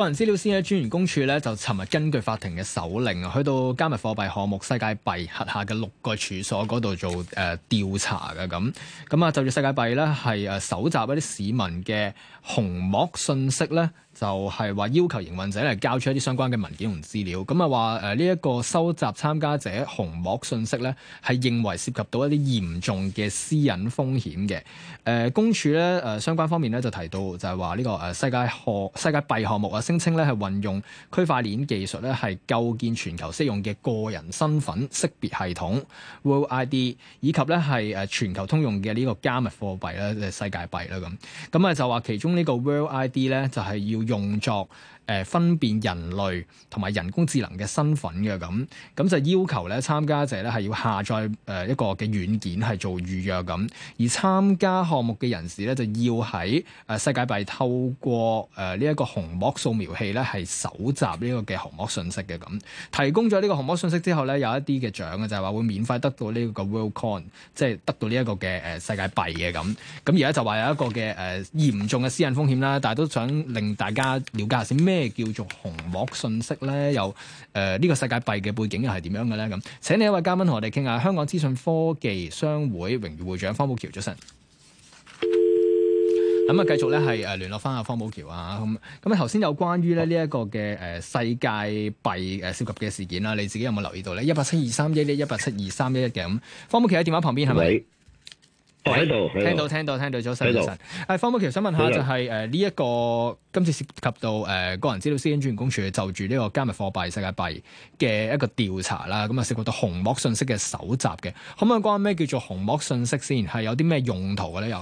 個人資料先喺專員公署咧，就尋日根據法庭嘅手令啊，去到加密貨幣項目世界幣轄下嘅六個處所嗰度做誒調、呃、查嘅咁。咁啊，就住世界幣咧係誒搜集一啲市民嘅虹膜信息咧。就係、是、話要求營運者咧交出一啲相關嘅文件同資料，咁啊話誒呢一個收集參加者虹膜信息咧，係認為涉及到一啲嚴重嘅私隱風險嘅。誒、呃、公署咧誒、呃、相關方面咧就提到就係話呢個誒世界項世界幣項目啊，聲稱咧係運用區塊鏈技術咧係構建全球適用嘅個人身份識別系統 World ID，以及咧係誒全球通用嘅呢個加密貨幣咧、就是、世界幣啦咁。咁啊就話其中這個呢個 World ID 咧就係、是、要。用作誒分辨人類同埋人工智能嘅身份嘅咁，咁就要求咧參加者咧係要下載誒一個嘅軟件係做預約咁，而參加項目嘅人士咧就要喺誒世界幣透過誒呢一個虹膜掃描器咧係搜集呢個嘅虹膜信息嘅咁，提供咗呢個虹膜信息之後咧有一啲嘅獎嘅就係話會免費得到呢個 Worldcoin，即係得到呢一個嘅誒世界幣嘅咁，咁而家就話有一個嘅誒嚴重嘅私隱風險啦，但係都想令大家。家了解下先，咩叫做虹膜信息咧？有誒呢、呃呢個世界幣嘅背景又係點樣嘅咧？咁請你一位嘉賓同我哋傾下。香港資訊科技商會榮譽會長方保僑早晨。咁啊，繼續咧係誒聯絡翻阿方保僑啊。咁咁咧頭先有關於咧呢一個嘅誒世界幣誒涉及嘅事件啦，你自己有冇留意到咧？一八七二三一一一八七二三一一嘅，咁，方保僑喺電話旁邊係咪？我喺度，聽到聽到聽到咗新資方保僑想問下、就是，就係呢一個今次涉及到誒個人資料私隱專員公署就住呢個加密貨幣、世界幣嘅一個調查啦。咁、嗯、啊涉及到虹膜信息嘅蒐集嘅，可唔可以講下咩叫做虹膜信息先？係有啲咩用途咧？有、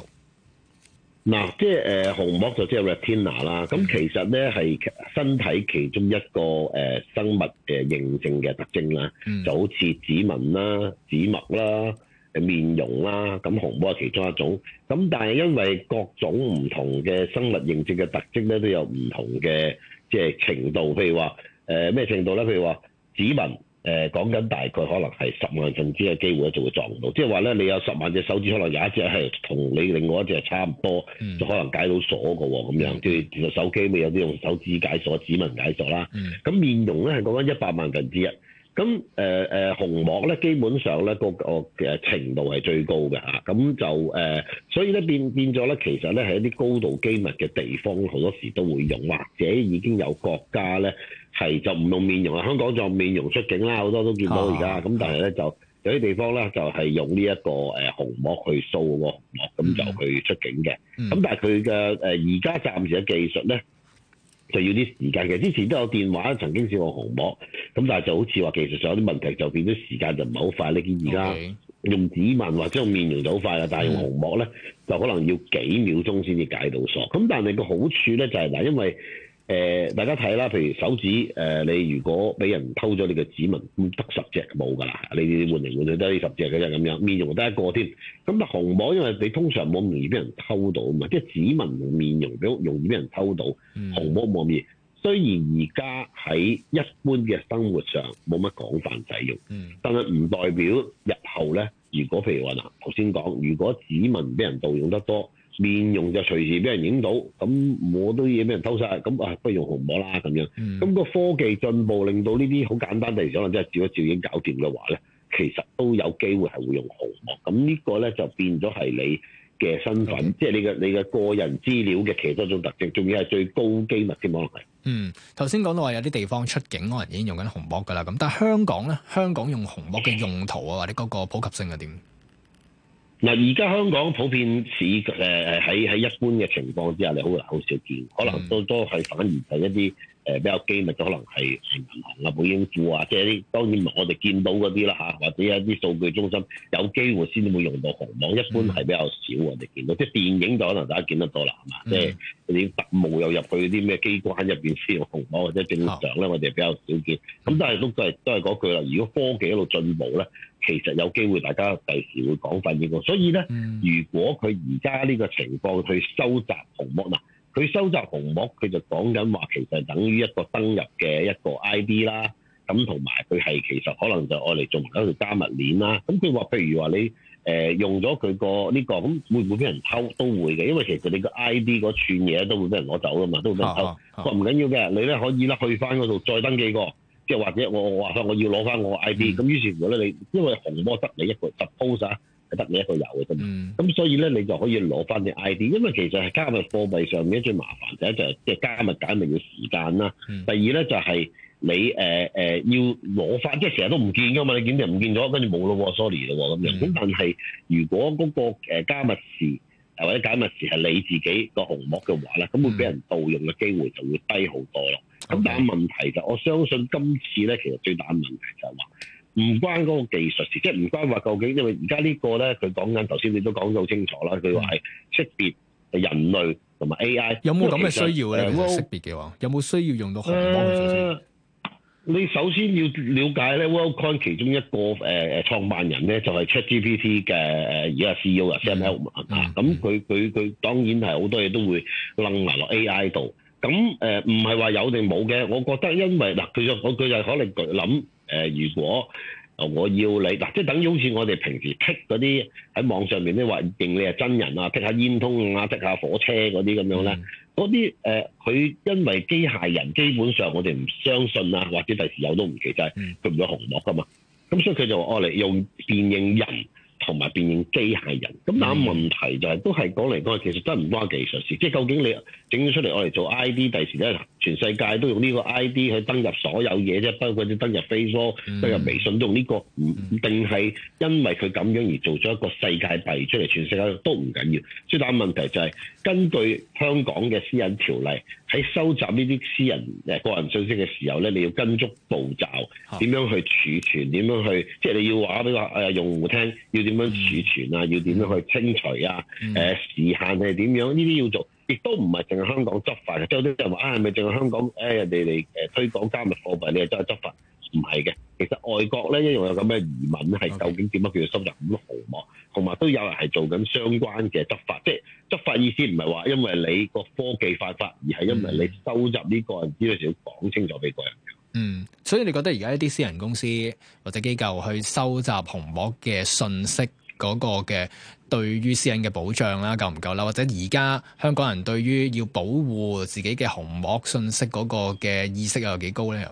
嗯、嗱，即係誒虹膜就即係 retina 啦。咁其實咧係身體其中一個誒生物嘅認證嘅特徵啦，就好似指紋啦、指模啦。面容啦，咁虹膜係其中一種，咁但係因為各種唔同嘅生物認證嘅特徵咧，都有唔同嘅即係程度，譬如話誒咩程度咧？譬如話指紋，誒講緊大概可能係十萬分之一嘅機會咧，就會撞到，即係話咧你有十萬隻手指，可能有一隻係同你另外一隻係差唔多，就可能解到鎖㗎喎、哦，咁樣即係個手機咪有啲用手指解鎖、指紋解鎖啦。咁、嗯、面容咧係講緊一百萬分之一。咁誒誒虹膜咧，基本上咧個嘅程度係最高嘅，咁就誒、呃，所以咧變變咗咧，其實咧係一啲高度機密嘅地方，好多時都會用，或者已經有國家咧係就唔用面容，香港就面容出境啦，好多都見到而家，咁、啊、但係咧就有啲地方咧就係、是、用呢、這、一個誒虹、呃、膜去掃個虹膜，咁就去出境嘅，咁、嗯、但係佢嘅而家暫時嘅技術咧？就要啲時間，嘅。之前都有電話，曾經試過虹膜，咁但係就好似話技術上有啲問題，就變咗時間就唔係好快。你見而家用指紋或者用面容就好快啦，但係用虹膜咧、嗯、就可能要幾秒鐘先至解到鎖。咁但係你個好處咧就係嗱，因為。呃、大家睇啦，譬如手指誒、呃，你如果俾人偷咗你嘅指紋，咁得十隻冇㗎啦，你換嚟換去都係呢十隻嘅啫咁樣。面容得一個添，咁啊虹膜因為你通常冇容易俾人偷到，即係指紋同面容比較容易俾人偷到。嗯、虹膜冇咁易。雖然而家喺一般嘅生活上冇乜廣泛使用，嗯、但係唔代表日後咧，如果譬如話嗱，頭先講，如果指紋俾人盜用得多。面容就隨時俾人影到，咁我都已經俾人偷曬，咁啊不如用虹膜啦咁樣。咁個科技進步令到呢啲好簡單地想話，即係照一照影搞掂嘅話咧，其實都有機會係會用虹膜。咁呢個咧就變咗係你嘅身份，即係你嘅你嘅個人資料嘅其中一種特徵，仲要係最高機密添，可能係。嗯，頭先講到話有啲地方出境可能已經用緊虹膜㗎啦，咁但係香港咧，香港用虹膜嘅用途啊，或者嗰個普及性係點？嗱，而家香港普遍市誒喺喺一般嘅情況之下，你好難好少見，可能都、嗯、都係反而係一啲。誒比較機密，可能係係銀行啊、保險庫啊，即係啲當然我哋見到嗰啲啦嚇，或者一啲數據中心有機會先會用到虹膜、嗯，一般係比較少我哋見到。即係電影就可能大家見得多啦，係、嗯、嘛？即係嗰啲特務又入去啲咩機關入邊先用虹膜，或者正常咧，我哋比較少見。咁都係都都係嗰句啦。如果科技一路進步咧，其實有機會大家第時會廣泛應用。所以咧、嗯，如果佢而家呢個情況去收集虹膜嗱。佢收集虹膜，佢就講緊話，其實等於一個登入嘅一個 I D 啦。咁同埋佢係其實可能就愛嚟做緊一個加密鏈啦。咁佢話，譬如話你誒用咗佢個呢個，咁會唔會俾人偷？都會嘅，因為其實你個 I D 嗰串嘢都會俾人攞走㗎嘛，都會俾人偷。我話唔緊要嘅，你咧可以啦，去翻嗰度再登記過。即係或者我我話，我要攞翻我 I D、嗯。咁於是乎咧，你因為虹膜得你一個，suppose。得你一個有嘅啫嘛，咁、嗯、所以咧你就可以攞翻你 ID，因為其實係加密貨幣上面最麻煩就係即係加密解密嘅時間啦、嗯。第二咧就係你誒誒、呃呃、要攞翻，即係成日都唔見㗎嘛，你見就唔見咗，跟住冇咯喎，sorry 咯喎咁樣。咁、嗯、但係如果嗰個加密時或者解密時係你自己個虹膜嘅話咧，咁會俾人盜用嘅機會就會低好多咯。咁、嗯、但係問題就我相信今次咧其實最大嘅問題就係、是、話。唔關嗰個技術事，即係唔關話究竟因為而家呢個咧，佢講緊頭先，你都講到好清楚啦。佢話係識別係人類同埋 AI，有冇咁嘅需要咧？佢識別嘅話，有冇需要用到人工智能先？你首先要了解咧，Worldcoin 其中一個誒誒創辦人咧，就係 ChatGPT 嘅誒而家 CEO Sam Altman 啊，咁佢佢佢當然係好多嘢都會掕埋落 AI 度。咁誒唔係話有定冇嘅？我覺得因為嗱，佢就佢佢就可能諗。誒，如果我要你嗱，即係等於好似我哋平時剔嗰啲喺網上面咧話認你係真人啊，剔下煙通啊，剔下火車嗰啲咁樣咧，嗰啲誒，佢、呃、因為機械人基本上我哋唔相信啊，或者第時有都唔記得，佢唔到紅幕噶嘛，咁所以佢就愛嚟用辨認人同埋辨認機械人，咁但係問題就係、是、都係講嚟講去，其實真係唔關技術事，即係究竟你整出嚟愛嚟做 I D，第時咧。全世界都用呢個 ID 去登入所有嘢啫，包括啲登入 Facebook、嗯、登入微信都用呢、這個，唔定係因為佢咁樣而做咗一個世界幣出嚟，全世界都唔緊要緊。最大問題就係、是、根據香港嘅私隱條例，喺收集呢啲私人誒、呃、個人信息嘅時候咧，你要跟足步驟，點樣去儲存，點樣去，即係你要話俾個用戶聽，要點樣儲存啊、嗯，要點樣去清除啊，誒、嗯呃、時限係點樣？呢啲要做。亦都唔係淨係香港執法嘅，即係有啲人話啊，係咪淨係香港？誒人哋嚟誒推廣加密貨幣，你係真係執法？唔係嘅，其實外國咧一樣有咁嘅疑問，係究竟點解叫做收集咁多虹膜？同埋都有人係做緊相關嘅執法，即係執法意思唔係話因為你個科技發達，而係因為你收集呢個人資料時要講清楚俾個人。嗯，所以你覺得而家一啲私人公司或者機構去收集虹膜嘅信息？嗰、那個嘅對於私隱嘅保障啦，夠唔夠啦？或者而家香港人對於要保護自己嘅虹膜信息嗰個嘅意識又幾高咧？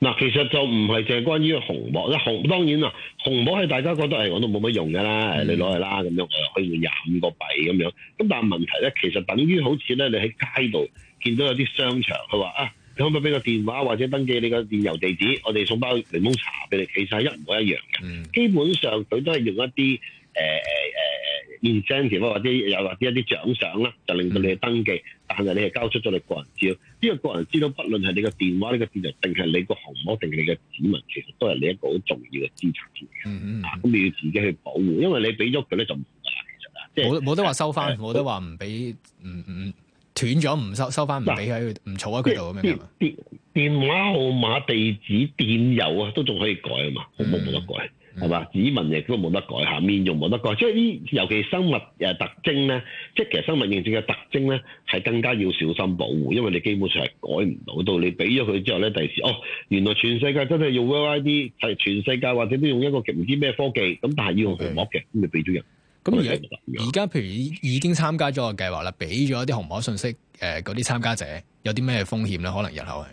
嗱，其實就唔係淨係關於虹膜啦，虹當然啦，虹膜係大家覺得係我都冇乜用㗎啦，嗯、你攞去啦咁樣，我又可以換廿五個幣咁樣。咁但係問題咧，其實等於好似咧，你喺街度見到有啲商場，佢話啊。你可唔可以俾個電話或者登記你個電郵地址？我哋送一包檸檬茶俾你，其實一模一樣嘅、嗯。基本上佢都係用一啲誒誒誒 incentive 或者有或者一啲獎賞啦，就令到你去登記，嗯、但係你係交出咗你個人資料，呢、呢個個人資料，不論係你電話、呢個電話、呢個電郵，定係你個虹膜，定係你嘅指紋，其實都係你一個好重要嘅資產、嗯嗯、啊，咁、嗯嗯、你要自己去保護，因為你俾咗佢咧就冇噶冇得話收翻，冇、呃、得話唔俾，嗯嗯。斷咗唔收收翻唔俾喺佢唔儲喺佢度咁樣啊嘛？啲電，電話號碼、地址、電郵啊，都仲可以改啊嘛？好冇？冇得改係嘛？指紋亦都冇得改，下，面容冇得改，即係呢，尤其生物誒特徵咧，即係其實生物認證嘅特徵咧，係更加要小心保護，因為你基本上係改唔到。到你俾咗佢之後咧，第時哦，原來全世界真係用 World ID 係全世界或者都用一個唔知咩科技咁，但係要用虹膜嘅，咁就俾咗人。咁而家譬如已經參加咗個計劃啦，畀咗一啲虹膜信息，誒嗰啲參加者有啲咩風險咧？可能日後係。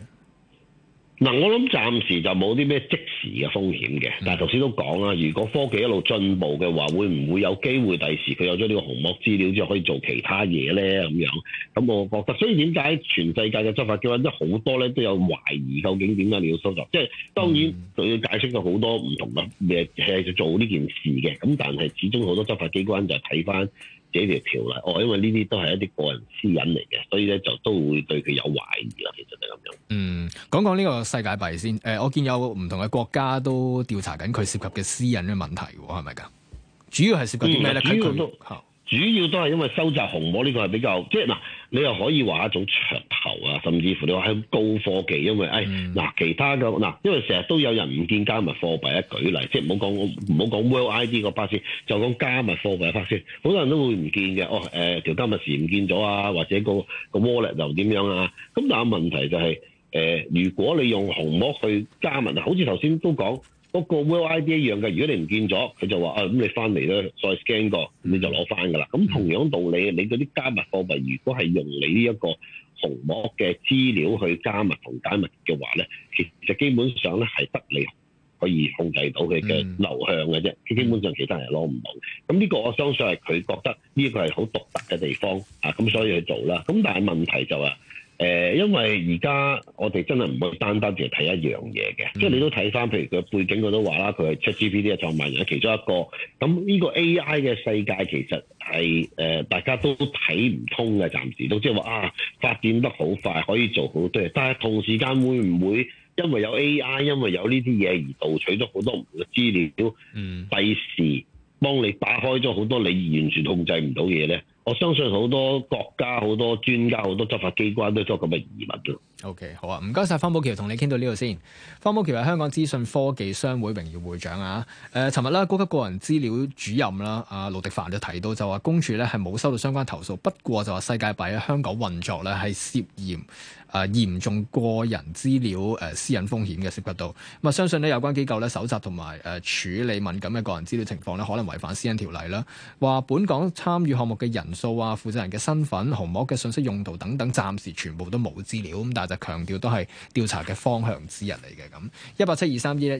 嗱、嗯，我諗暫時就冇啲咩即時嘅風險嘅，但係頭先都講啦，如果科技一路進步嘅話，會唔會有機會第時佢有咗呢個虹膜資料之後可以做其他嘢咧？咁樣咁我覺得，所以點解全世界嘅執法機關都好多咧都有懷疑，究竟點解你要收集？即係當然佢、嗯、要解釋咗好多唔同嘅嘢去做呢件事嘅，咁但係始終好多執法機關就係睇翻呢條條例，哦，因為呢啲都係一啲個人私隱嚟嘅，所以咧就都會對佢有懷疑啦。嗯，講講呢個世界幣先。誒、呃，我見有唔同嘅國家都調查緊佢涉及嘅私隱嘅問題，係咪噶？主要係涉及啲咩咧？嗯、主主要都係因為收集虹膜呢個係比較，即係嗱，你又可以話一種噱頭啊，甚至乎你話係高科技，因為誒嗱、哎嗯，其他嘅嗱，因為成日都有人唔見加密貨幣一舉例，即係唔好講唔好講 World ID 嗰 part 先，就講加密貨幣 part 先，好多人都會唔見嘅哦誒條、呃、加密匙唔見咗啊，或者、嗰個 Wallet 又點樣啊？咁但係問題就係、是、誒、呃，如果你用虹膜去加密，好似頭先都講。嗰、那個 World ID 一樣嘅，如果你唔見咗，佢就話啊，咁你翻嚟咧，再 scan 過，你就攞翻㗎啦。咁同樣道理，你嗰啲加密貨幣，如果係用你呢一個虹膜嘅資料去加密同解密嘅話咧，其實基本上咧係得你可以控制到佢嘅流向嘅啫、嗯。基本上其他人攞唔到。咁呢個我相信係佢覺得呢個係好獨特嘅地方啊，咁所以去做啦。咁但係問題就係、是。誒，因為而家我哋真係唔會單單淨係睇一樣嘢嘅、嗯，即係你都睇返，譬如佢背景佢都話啦，佢係出 GPT 嘅創辦人，其中一個。咁呢個 AI 嘅世界其實係誒、呃、大家都睇唔通嘅，暫時都即係話啊，發展得好快，可以做好多嘢。但係同時間會唔會因為有 AI，因為有呢啲嘢而盜取咗好多唔同嘅資料，都費事幫你打開咗好多你完全控制唔到嘅嘢咧？我相信好多國家、好多專家、好多執法機關都作咁嘅疑問咯。O.K. 好啊，唔該晒。方保僑，同你傾到呢度先。方保僑係香港資訊科技商會榮譽會長啊！誒、呃，尋日啦，高級個人資料主任啦，阿、啊、盧迪凡就提到就話，公署咧係冇收到相關投訴，不過就話世界幣喺香港運作咧係涉嫌誒嚴、呃、重個人資料誒、呃、私隱風險嘅涉及到。咁、嗯、啊，相信呢有關機構咧搜集同埋誒處理敏感嘅個人資料情況咧，可能違反私隱條例啦。話本港參與項目嘅人數啊、負責人嘅身份、虹膜嘅信息用途等等，暫時全部都冇資料咁，但就強調都係調查嘅方向之一嚟嘅。咁，一八七二三二咧。